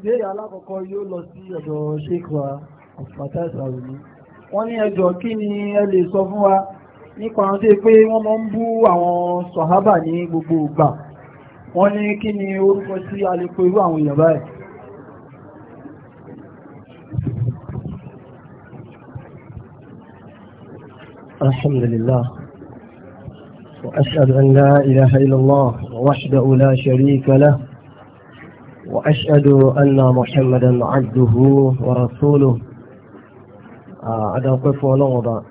ìbéèrè alákọ̀ọ́kọ́ yóò lọ sí ọ̀dọ̀ ṣékwà àfàtà ìsàròmí wọ́n ní ẹjọ́ kí ni ẹ lè sọ fún wa nípa àwọn tó pé wọ́n máa ń bú àwọn sọ̀hábà ní gbogbo ìgbà wọ́n ní kí ni orúkọ tí a irú àwọn èèyàn báyìí الحمد لله وأشهد أن لا إله وأشهد أن محمدا عبده ورسوله أدوقف ولغضا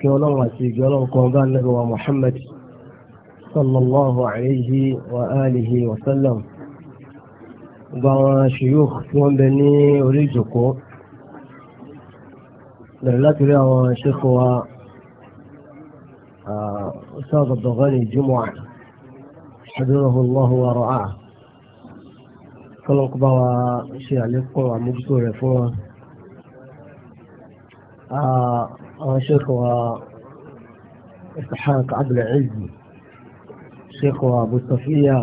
كيولون وسيجولون قوبان نبوة محمد صلى الله عليه وآله وسلم وقال شيوخ ثم بني أريجكو لعلات ريا شيخ و أستاذ الضغاني الجمعة حضره الله ورعاه kọ́lọ́n kó bá wa ṣe àlékún àmójútó rẹ̀ fún wa àwọn ṣẹ́kọ̀ wa Ishaq Abdul-Aziz ṣẹ́kọ̀ wa Abu Safiya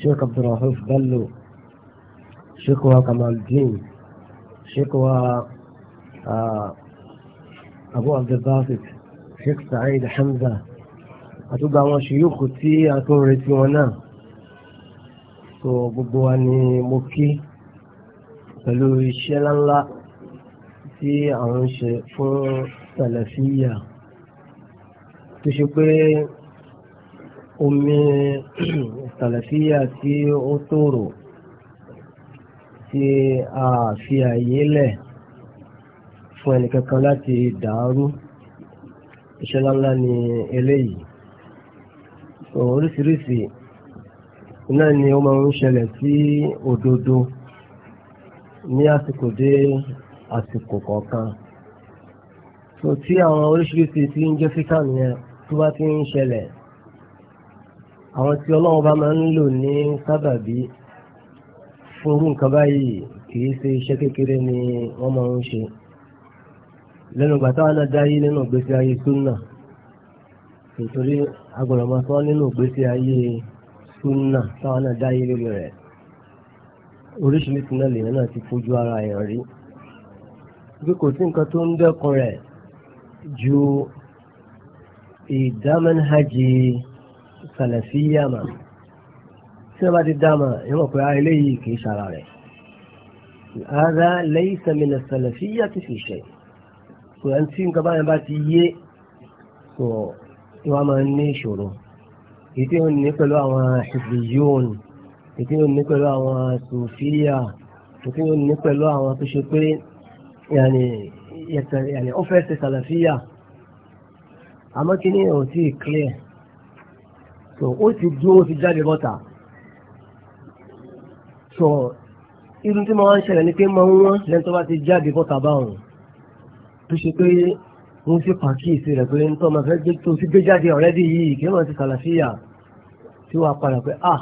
ṣẹ́kọ̀ Abdul-Rauf Bello ṣẹ́kọ̀ wa Kamaldeen ṣẹ́kọ̀ wa Abu Abdul-Basit ṣẹ́kọ̀ Sa'id Hamza àtúgbà àwọn ṣèyókù tí a tó retí wọn náà so gbogbo wa ni mo kí pẹ̀lú iṣẹ́ ńláńlá tí àwọn ń ṣe fún sàlàfíyà tó ṣe pé omi sàlàfíyà tí ó tòrò tí a fi àyè lẹ̀ fún ẹnìkankan láti dàárú iṣẹ́ ńláńlá ni eléyìí so oríṣiríṣi. So, náà ni ó máa ń ṣẹlẹ̀ sí òdodo ní àsìkò dé àsìkò kọ̀ọ̀kan so tí àwọn oríṣiríṣi tí ń jẹ́ fítà nìyẹn tó bá ti ń ṣẹlẹ̀ àwọn tí ọlọ́run bá máa ń lò ní sábàbí fún irú nǹkan báyìí kìí ṣe iṣẹ́ kékeré ni wọ́n súnà táwọn náà dáyé lórí rẹ̀ oríṣiríṣi náà lèèyàn náà ti fojú ara èèyàn rí bí kò sí nǹkan tó ń dẹ́kun rẹ̀ ju ìdámẹ́nhajì sàlẹ̀fíyàmà tí wọ́n bá ti dáàmà ìwọ̀n pé ara ah, eléyìí kì í ṣara rẹ̀ ara lẹ́yìn sẹ́mìnà sàlẹ̀fíyà ti fi ṣe kò ẹni tí nǹkan báyẹn bá ti yé kò wọ́n máa ń ní ìṣòro èyí tí ó ní pẹ̀lú àwọn ṣùgbìyàn èyí tí ó ní pẹ̀lú àwọn sòfíà èyí tí ó ní pẹ̀lú àwọn tó ṣe pé yàní ọ́fẹ́sì sàlàfíà àmọ́ kí ni ò tí ì clear so ó ti dúró ó ti jáde bọ́ta so irun tí mo máa ń ṣẹlẹ̀ ni pé máa ń wọ́n lẹ́nu tó bá ti jáde bọ́ta báwọn tó ṣe pé wọ́n sì pàkíyèsí rẹ̀ pé ń tọ́ ma fẹ́ gbé tó sí gbé jáde ọ̀rẹ́dì yìí kí wọ́n ti sàlàfíà tí wọ́n padà pé à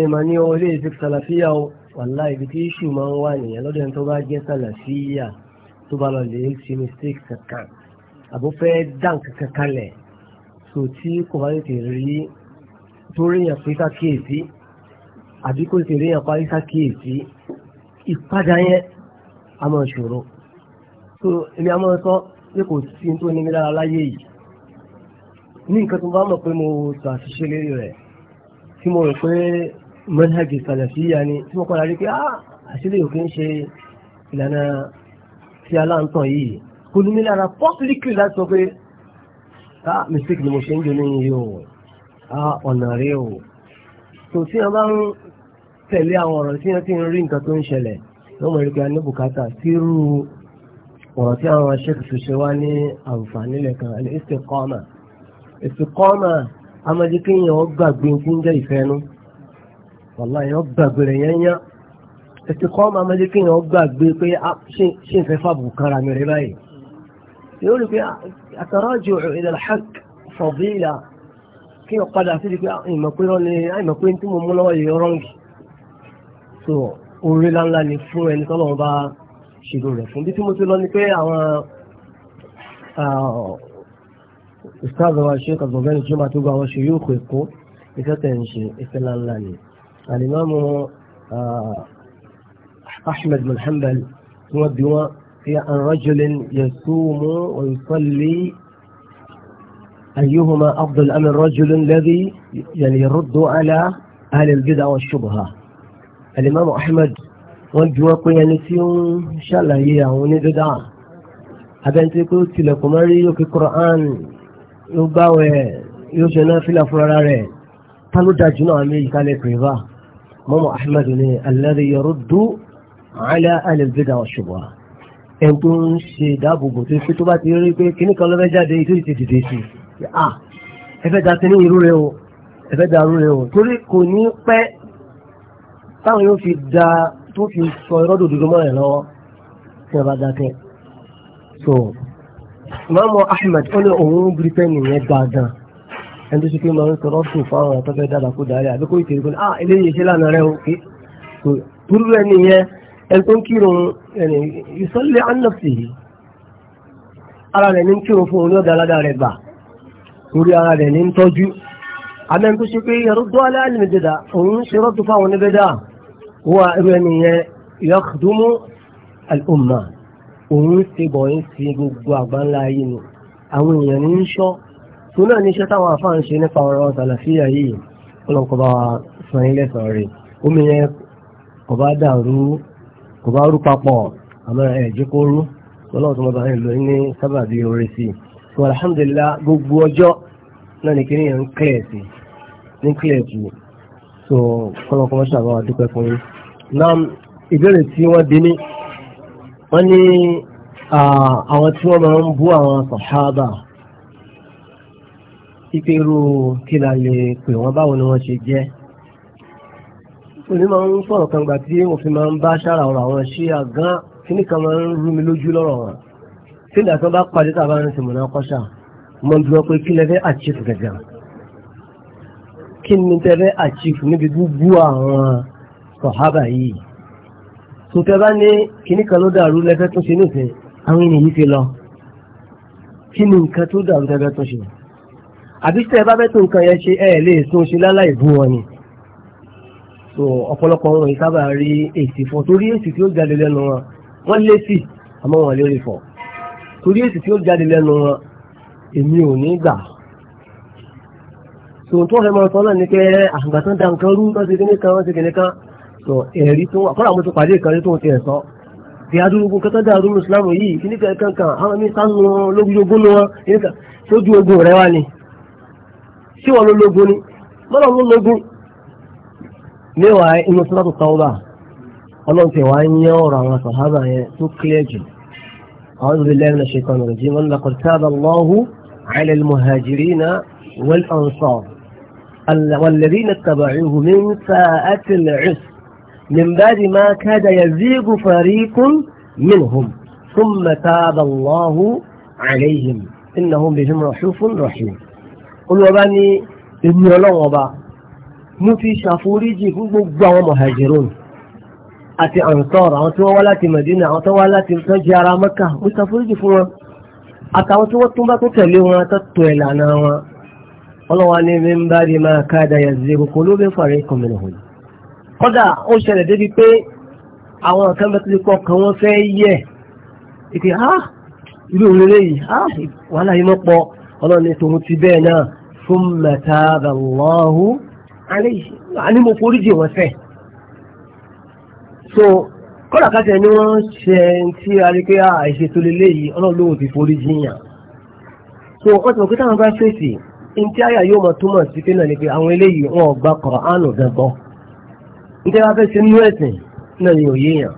ẹ̀ mà ní ọwọ́ ilé ìfi sàlàfíà o wàlá ibi tí iṣu máa ń wà nìyẹn lọ́dọ̀ ẹni tó bá jẹ́ sàlàfíà tó bá lọ lè ṣe mistake kankan àbó fẹ́ dán kankan kalẹ̀ so tí kò bá lè rí tó ríyàn pé sàkíyèsí àbí kò sì ríyàn parí sàkíyèsí ìpadà yẹn a máa ṣòro so èmi a máa sọ pé kò sí tó ní mi lára láyé yìí ní nǹkan tó bá mọ̀ pé mo sọ àṣìṣe lérí rẹ̀ tí mo rò pé manhaj salafiyya ni tí mo padà rí pé ah, àṣìlè òkè ń ṣe ìlànà tí aláǹtàn yìí kò ní mi lára publicly láti sọ pé ah mistake ni mo ṣe ń jẹ lóyún yìí o ah ọ̀nà rẹ o tò tí wọn bá ń tẹ̀lé àwọn ọ̀rọ̀ tí wọn ti ń rí nǹkan tó ń ṣẹlẹ̀ lọ́mọ ìrìkà ní bùkátà sírú ọ̀rọ̀ tí àwọn aṣẹ́kù tó ṣe wá ní àǹfààní lẹ́kan ẹni ìsìnkọ́mà ìsìnkọ́mà amadikẹ́yìn ọ̀ gbàgbé tí ń jẹ́ ìfẹ́nu wàlá yẹn ọ̀ gbàgbé rẹ̀ yẹn yán ìsìnkọ́mà amadikẹ́yìn ọ̀ gbàgbé pé ah, ṣé ń fẹ́ fàbù kára mi rẹ báyìí yóò rí pé àtàrájò ìdàlá hàk fọ̀bíìlà kí n padà sí pé àìmọ̀ ah, ṣèlò rẹ̀ fún bí tí mo ti lọ ni pé àwọn ìsáàbọ̀ wa ṣe kàgbọ̀n bẹ́ẹ̀ ni tí ó máa tó gba àwọn ṣe yóò kó ẹ̀kọ́ iṣẹ́ tẹ̀ ń ṣe iṣẹ́ ńláńlá ni àlìmọ́mù ahmed bin hanbal tí wọ́n bí wọ́n fi an rajulin yasumu wa yusalli ayyuhuma afdal am rajulin ladhi yani yaruddu ala ahli al-bid'a wa ash-shubha الإمام أحمد wọ́n ju wọ́n pé ẹni tí ó ń ṣàlàyé àwọn onídọ́dá abẹ́ntí pé ó tilẹ̀kùn mọ́rí yóò kí Qur'an yóò gbáwẹ̀ yóò ṣe náà fílà fún ara rẹ̀ ta ló dájú náà àmì ìkálẹ̀ pèrèvà mọ́mọ́ Ahmed ní alladhi yaruddu ala al-bid'a wa shubha ẹni tó ń ṣe ìdáàbòbò tó pé tó bá ti rí pé kíní kan lọ́fẹ́ jáde ètò ìtì dìde sí i ẹ fẹ́ da kíní irú rẹ o ẹ fẹ́ da irú rẹ o torí kò ní pẹ́ táwọn yóò fi da tó fi sọ irọ́ dòdòdó mọ́ ẹ̀ lọ́wọ́ tí wọ́n bá dákẹ́. so ìmáàmù Ahmed ó ní òun bírípẹ́ẹ̀nì yẹn dáadáa ẹni tó ṣe pé máa ń sọ̀rọ̀ sùn fáwọn àtọ́fẹ́ dábàá kó dárí àbí kó ìtẹ̀rí pé ah eléyìí ṣe lánàá rẹ̀ òkè so burú rẹ̀ nìyẹn ẹni tó ń kírun ẹni ìsọ́lẹ̀ anọ́sì yìí ara rẹ̀ ní kírun fún òun lọ́dà aládà rẹ̀ gbà torí ara rẹ̀ ní tọ́jú àmẹ́ni tó ṣe pé ẹ̀rọ dọ́ wọ́n irú ẹni yẹn yọ́kùdúmú al'umma òun ti bọ̀ ń fi gbogbo àgbáńlá ayé ni àwọn èèyàn ní ń ṣọ́ tó náà ní iṣẹ́ táwọn afáà ń ṣe nípa ọ̀rọ̀ tàlàfíà yìí ọlọ́nkọba san ilé sàn rè omi yẹn kò bá dàrú kò bá rú papọ̀ àmọ́ ẹ̀jẹ̀ kó rú ọlọ́run tó mọba ẹ̀lò ní sábàbí orí sí i so alhamdulillah gbogbo ọjọ́ náà ní kí ní yẹn ń kílẹ̀ sí ní kílẹ̀ sí so kọ́lọ́kọ́ ṣàbá wa dúpẹ́ fún yín. Nam ìbéèrè tí wọ́n bí ní wọ́n ní àwọn tí wọ́n máa ń bú àwọn sàhábà pípé irú kí la lè pè wọ́n báwo ni wọ́n ṣe jẹ́. onímọ̀ ń sọ̀rọ̀ kan gbà tí òfin máa ń bá ṣára ọ̀rọ̀ àwọn ṣí àgán kíní kan máa ń rú mi lójú lọ́rọ̀ wọn. tí ìdàkan bá pàdé tàbá ń sìn mọ̀nà kọ́ṣà mo ń dúró pé kí lẹ fẹ́ àchíf gẹ̀gẹ̀ kí ni tẹ́fẹ́ àchífù níbi gbogbo àwọn sọ̀hábà yìí tó tẹ́ bá ní kíní kan ló dàrú lẹ́fẹ́ tún ṣe nísìn àwọn ènìyàn yìí ti lọ kí ni nǹkan tó dàrú tẹ́fẹ́ tún ṣe àbí tẹ́ bá fẹ́ tún nǹkan yẹn ṣe ẹ̀ lè tún ṣe láláì bú wọn ni so ọ̀pọ̀lọpọ̀ wọn yìí sábà rí èsì fọ torí èsì tí ó jáde lẹ́nu wọn wọ́n lé sí àmọ́ wọn lè rí fọ torí èsì tí ó jáde lẹ́nu wọn èmi ò ní gbà tòun tó fẹ́ máa sọ náà ni pé àgbà tó ń da nǹkan rú tó ń ṣe kíní kan wọ́n ṣe kíní kan tó ẹ̀rí tó wà kọ́ra mo ti pàdé ìkànnì tó ń tiẹ̀ sọ ti adúrúgbó kẹta dá adúrú ìsìlámù yìí kíní kankan kan àwọn mi sá nu lógúnjogún nu wọn kíní kan sójú ogun rẹ wá ni ṣé wọn ló lógun ni mọ́nà ló lógun mẹ́wàá inú sọ́dọ̀ tàwọn bá wá ń yẹ ọ̀rọ̀ àwọn sàhábà yẹn tó clear jù أعوذ بالله من الشيطان الرجيم لقد تاب الله على المهاجرين والأنصار والذين اتبعوه من فاءة العس من بعد ما كاد يزيغ فريق منهم ثم تاب الله عليهم إنهم بهم رحوف رحيم قل وباني ابن يلون وبا نفي شافوري جيكو مبا ومهاجرون أتي أنصار أتوا ولاتي مدينة أتوا ولاتي تمتجارة مكة مستفوري جيكو أتوا وتوما تتلو وتتويل انا ọlọ́wà ní mímbá di máa káàdà yàzí gbogbo olóògbé fàárẹ̀ kọ̀mìnà hù kódà ó ṣẹlẹ̀ débi pé àwọn nǹkan bẹ́ẹ̀ tó lè kọ́ kan wọ́n fẹ́ yẹ̀ ìpè á ìlú òun lélẹ́yìí á wàhálà yìí mọ́ pọ̀ ọlọ́run ní tòun ti bẹ́ẹ̀ náà fún mẹ́tàbà lọ́hù àní mo foríjì wọ́n fẹ́. so kọ́lá kátẹ́ ni wọ́n ṣe tí a pé àìṣe lélẹ́yìí ọlọ́run lóhùn ti foríjì yàn. so wọ́n ti mọ̀ pé táwọn bá fèsì ntí àyà yóò mọ túmọ̀ sí pé náà ni pé àwọn eléyìí wọn ò gba Kùránì gan gbọ́ ntí fẹ́ ṣe nínú ẹ̀sìn náà ni òye yàn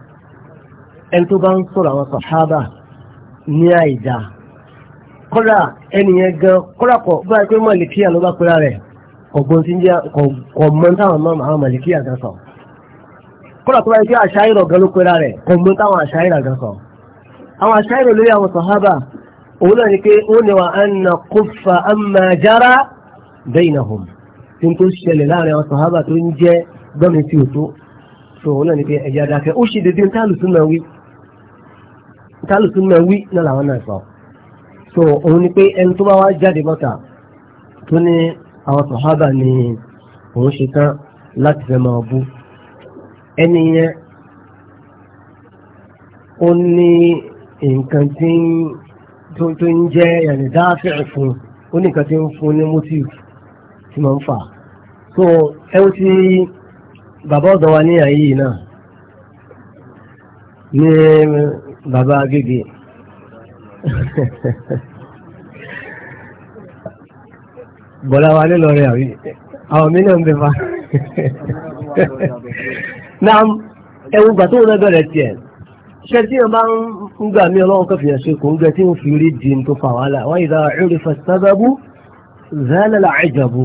ẹni tó bá ń sọ̀rọ̀ àwọn a pé mọ̀lìkíyà ló bá pera rẹ̀ ọ̀gbọ́n tí ń jẹ́ kọ̀mọ́ táwọn gan sọ kọ́dà tó bá yẹ kí àṣà ìrọ̀ gan ló pera rẹ̀ kọ̀mọ́ táwọn àṣà ìrọ̀ gan sọ òun náà ni pé ó ní wa anna kuffa amma jara bainahum tí n tó ṣẹlẹ̀ láàrin àwọn sàhábà tó ń jẹ́ gbọ́mi tí ò tó so òun náà ni pé ẹ̀yà dákẹ́ ó ṣe dédé ntálùsùn náà wí náà làwọn náà sọ so òun ni pé ẹni tó bá wá jáde bọ́ta tó ní àwọn sàhábà ni òun ṣe tán láti fẹ́ máa bú ẹni yẹn ó ní nǹkan tí ń tó ń jẹ́ ẹ̀rìn dáfẹ́ fún ó ní nǹkan tí ń fún ní motive tí máa ń fà so ẹ ó ti bàbá ọ̀dọ̀ wa ní àyè yìí náà ní bàbá agége bọ̀lá wa ní lọ́rẹ́ àwí àwọn mílíọ̀n ń bẹ fa náà ẹwù gbà tó bẹ̀rẹ̀ tiẹ̀ ṣe tí o máa ń ńgbà mí ọlọ́run kọfì ẹ̀ṣẹ́ kò ń gẹ tí ń fi rí di tó fà wàhálà wọ́n ìdá ìrìfà sábàbù zálàlà àjàbù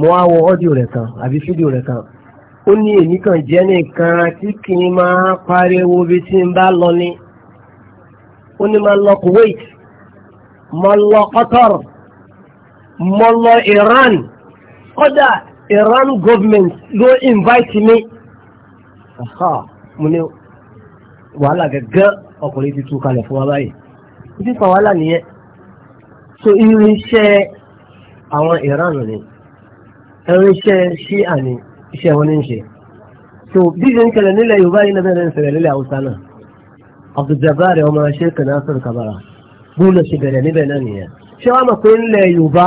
mo á wọ ọ́díò rẹ̀ kan àbí fídíò rẹ̀ kan ó ní èmi kan jẹ́ nìkan tí kì í máa pariwo bí tí ń bá lọ ni ó ní máa lọ Kuwait mo lọ Qatar mo lọ Iran kódà Iran government ló invite mi mo ní wàhálà gẹ́gẹ́ ọkùnrin ti tú kalẹ̀ fún wa báyìí ibi fa wàhálà so irinṣẹ́ àwọn Iran ni irinṣẹ́ ṣíà ni iṣẹ́ wọn ní ṣe so bí ṣe ń kẹlẹ̀ nílẹ̀ Yorùbá yìí nàbẹ̀rẹ̀ ń ṣẹlẹ̀ nílẹ̀ Haúsá náà Abdul-Jabbar ọmọ Sheikh Nasir Kabara gbóòlò ṣe bẹ̀rẹ̀ níbẹ̀ náà nìyẹn ṣé wàá mọ̀ pé ńlẹ̀ Yorùbá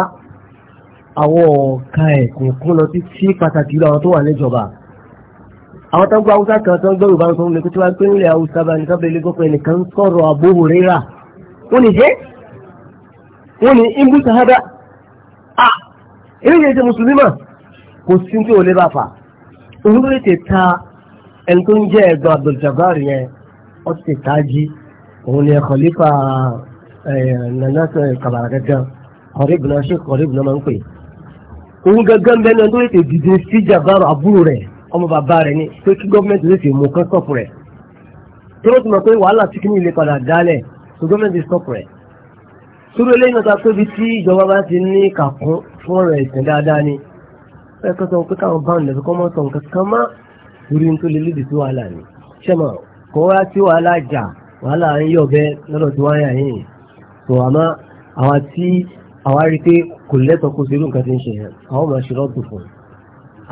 àwọn ọ̀ka ẹ̀kùnkùn lọ títí pàtàkì lọ àwọn tó wà níjọba àwọn tó ń gbọ́ haúsá kan tó ń gbọ́ yorùbá ń sọ fún mi kó tí wàá pé ńlẹ̀ haúsá bá ní sábẹ́ lẹ́gọ́kọ̀ ẹnìkan ń sọ̀rọ̀ Abu Huraira wọ́n ní jẹ́ wọ́n ní imbu sahaba a eléyìí ẹ̀jẹ̀ mùsùlùmí mà kò sí tí ò lè bá fà òun ló lè ta ẹni tó ń jẹ́ ẹ̀gbọ́n Abdul Jabbar yẹn ó ti ta jí òun ni khalifa nana kabara gangan kọ̀rí ibùnà ṣe kọ̀rí ibùnà máa ń pè òun gangan bẹ́ẹ̀ ni ẹni tó lè tẹ̀ dìde sí Jabbar àbúrò rẹ̀ ọmọ bàbá rẹ̀ ni pé kí gọ́ọ̀mẹ̀ntì lè fi mú kán stop rẹ̀ tí wọ́n ti mọ̀ pé wàhálà tí kìíní ilé padà dálẹ̀ so gọ́ọ̀mẹ̀ntì stop rẹ̀ sórí eléyìí náà ta tóbi tí ìjọba bá ti ní kàkún fún ọ̀rọ̀ ẹ̀sìn dáadáa ni ẹ̀kọ́ sọ pé káwọn bá ń lẹ̀ kọ́ mọ́ sọ nǹkan kan má orí tó lè lédè sí wàhálà ni ṣẹ́mọ̀ kọ́ wá sí wàhálà jà wàhálà ń yọ̀ bẹ́ẹ̀ lọ́dọ̀ tí wọ́n yà yín so àmọ́ àwa tí àwa rí pé kò lẹ́tọ̀ọ́ kó ṣerú nǹkan ti ń ṣe yẹn àwọn máa ṣe rọ́ọ̀tù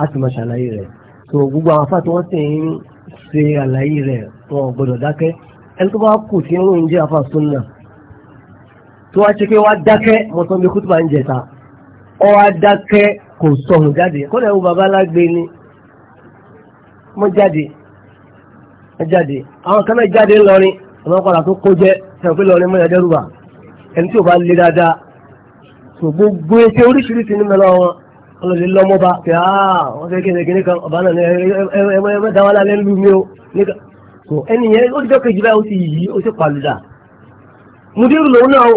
á ti máa ṣàlàyé rẹ̀ so gbogbo àwọn afá tí wọ́n sì ń ṣe àlàyé rẹ̀ wọn gbọ́dọ̀ dákẹ́ ẹni tó bá kù sí ń ròyìn jẹ́ afá súnà tó wá ṣe pé wá dákẹ́ mo tán bí ń jẹta ọ wá dákẹ́ kò sọ̀rọ̀ jáde kọ́dà ẹ̀wù bàbá alágbe ni mo jáde mo jáde àwọn kan náà jáde ńlọrin àwọn padà tó kó jẹ́ sẹ́wọ̀n pé lọrin mọ́yà dẹ́rùbà ẹni tí ò bá le dáadáa so gbogbo ẹsẹ̀ oríṣiríṣi ní mẹ́lọ́ wọn wọn lè lọ́mọ́ bá pé áà wọ́n fẹ́ kí ẹnìkan kan ọ̀bá náà ẹ̀wẹ́ dáwọ́ lálẹ́ lù mí o ẹni yẹn ó ti jọ́ kejì báyìí ó ti yí ó ti pàlùdà mùdírù lòun náà o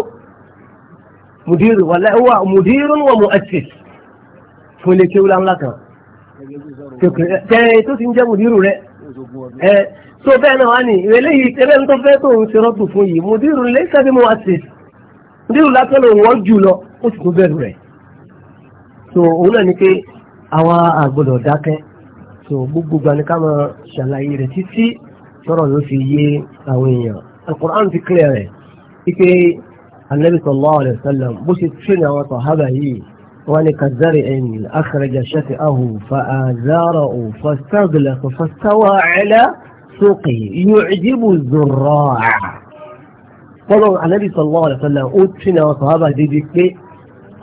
mùdírù wàlẹ́ ó wà mùdírù wà mú ẹtì fún ilé kéwú láńlá kan tẹ̀yìn tó ti ń jẹ́ mùdírù rẹ̀ ẹ̀ tó bẹ́ẹ̀ náà wà ní ìrẹ̀lẹ́ yìí tẹ́lẹ̀ tó fẹ́ tó ń ṣe rọ́pù fún yìí mùdírù lè sábẹ́ mú ẹtì mùdírù látọ̀ lòun wọ́n jù lọ ó sì tún bẹ̀rù rẹ̀ so òun náà ni pé àwa àgbọ̀dọ̀ dákẹ́ so gbogbo gbani ká máa ṣàlàyé rẹ̀ títí sọ̀rọ̀ ló fi yé àwọn èèyàn Al-Qur'an ti clear rẹ̀ wípé anabi sallallahu alayhi wa sallam bó ṣe tún àwọn sàhábà yìí wọ́n ní kazari ẹni akhraja shati'ahu fa'azarahu fastaghlaqa fastawa ala suqi yu'jibu zurra'a. kọ́lọ́ anabi sallallahu alayhi wa sallam ó tún àwọn sàhábà débi pé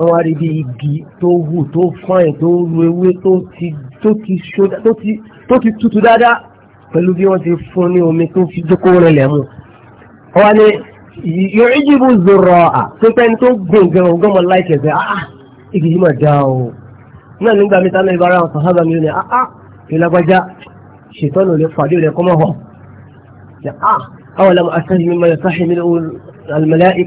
wọ́n wá rí bí igi tó wù tó fáìn tó ru ewé tó ti tutù dáadáa pẹ̀lú bí wọ́n ti fún ní omi tó fi jókó rẹlẹ̀ mu. wọ́n wá ní yọ̀ọ́jìbù zọ̀rọ̀ à tó pẹ́ni tó gbọ̀ngàn ọgọ́mọ láìkẹ̀ sẹ́ ah, ah igi yìí mà dá o náà nígbà mi sáré ibara àwọn sàhábà mi ní ah, ah ìlágbájá ṣètọ́nù lè fàdé rẹ̀ kọ́mọ́ hàn. ah àwọn làwọn asẹ́yìn mi máa yọ sáhìn mi ní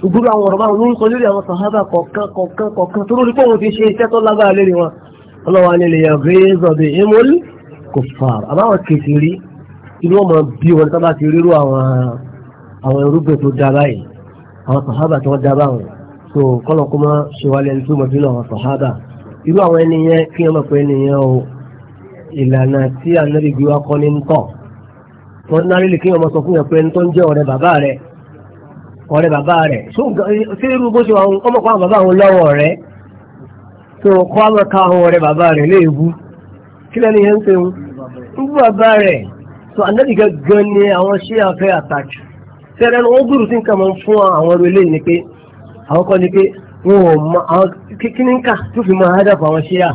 gbogbo àwọn ọ̀rọ̀ báwọn lórúkọ lórí àwọn sàhábà kọ̀ọ̀kan kọ̀ọ̀kan kọ̀ọ̀kan tó lórí pọ̀wọ́n fi ṣe iṣẹ́ tó lágbára lórí wọn ọlọ́wà nílẹ̀ yàgbé zọ̀bẹ̀ imol kò fà àbáwọn kèsì rí inú ọmọ bí wọn sábà ti rírú àwọn àwọn irúgbìn tó dá báyìí àwọn sàhábà tó dá báwọn tó kọ́lọ̀ kó má ṣe wálé ẹni tó mọ̀ sínú àwọn sàhábà irú àwọn ẹni yẹn kí wọ́n mọ̀ pé ẹni yẹn o ìlànà tí anábìgbé wa kọ́ ní ń tọ̀ wọ́n náà rí lè kí wọ́n mọ̀ sọ fún yẹn pé ẹni tó ń jẹ́ ọ̀rẹ́ bàbá rẹ̀ ọ̀rẹ́ bàbá rẹ̀ ṣé irú bó ṣe wà ọmọ kan bàbá òun lọ́wọ́ rẹ̀ tó kọ́ àmọ́ ká àwọn ọ̀rẹ́ bàbá rẹ̀ léèwú kí lẹ́nu yẹn ń pè ń bú bàbá rẹ̀ tó ni àwọn ṣé àfẹ́ àtàkì fẹ́rẹ́ ni wọ́n gbúrú sí nǹkan mọ́ fún àwọn ni pé àwọn kan ni pé wọn ò mọ àwọn ń kà tó fi máa hádà fún àwọn ṣé à.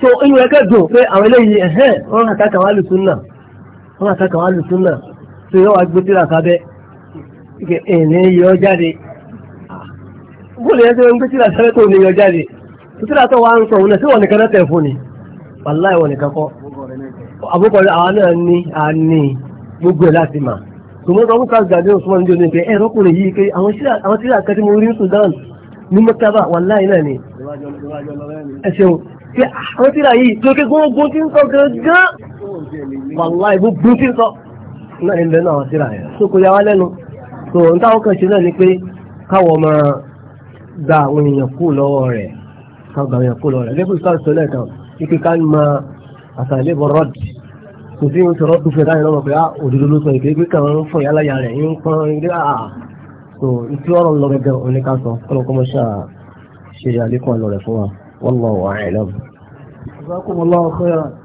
tó inú ẹ̀ẹ́nì yọ jáde bóòlù yẹn tó ń gbé tíra sẹ́lẹ̀ tó ní yọ jáde tíra tó wà ń sọ òun náà sí wọn nìkan náà tẹ̀ fún ni wàláì wọn nìkan kọ́ àbúkọ àwọn náà ní àní gbogbo ẹ̀ láti mà tòmọ́tò àwọn kan gàdé òṣùwọ̀n ní ọdún ìpẹ́ ẹ̀rọ kùnrin yìí pé àwọn tíra kan tí mo rí ní Sudan ní mọ́tàbà wàláì náà ni ẹ ṣeun pé ah, àwọn tíra yìí tó ké gbogbo tí ń sọ gángan wàláì gbogbo tí ń sọ náà ń bẹ náà àwọn tíra yẹn tó kò yà wá lẹ́nu so n táwọn kan ṣe náà ni pé káwọn máa gba àwọn èèyàn kú lọ́wọ́ rẹ̀ káwọn gba àwọn èèyàn kú lọ́wọ́ rẹ̀ lẹ́kùn ìsọ́ọ̀sì sọ́lẹ̀ kan ike ká ní máa àtàlẹ́ bọ̀ rọ́ọ̀dì kò sí ìwọ̀n sọ̀rọ̀ dúfẹ́ láyé lọ́wọ́ pé á ah, òdodo ló sọ ìpè pé kàn ń fọ̀ yálà yà rẹ̀ ń pọ́n ilé à ah, ah. so ìtú ọ̀rọ̀ ń lọ gẹ́gẹ́ òní ká sọ kọ́lọ́ kọ́mọ ṣá ṣe àlékún àlọ́ rẹ̀ fún wa wallahu a'lam.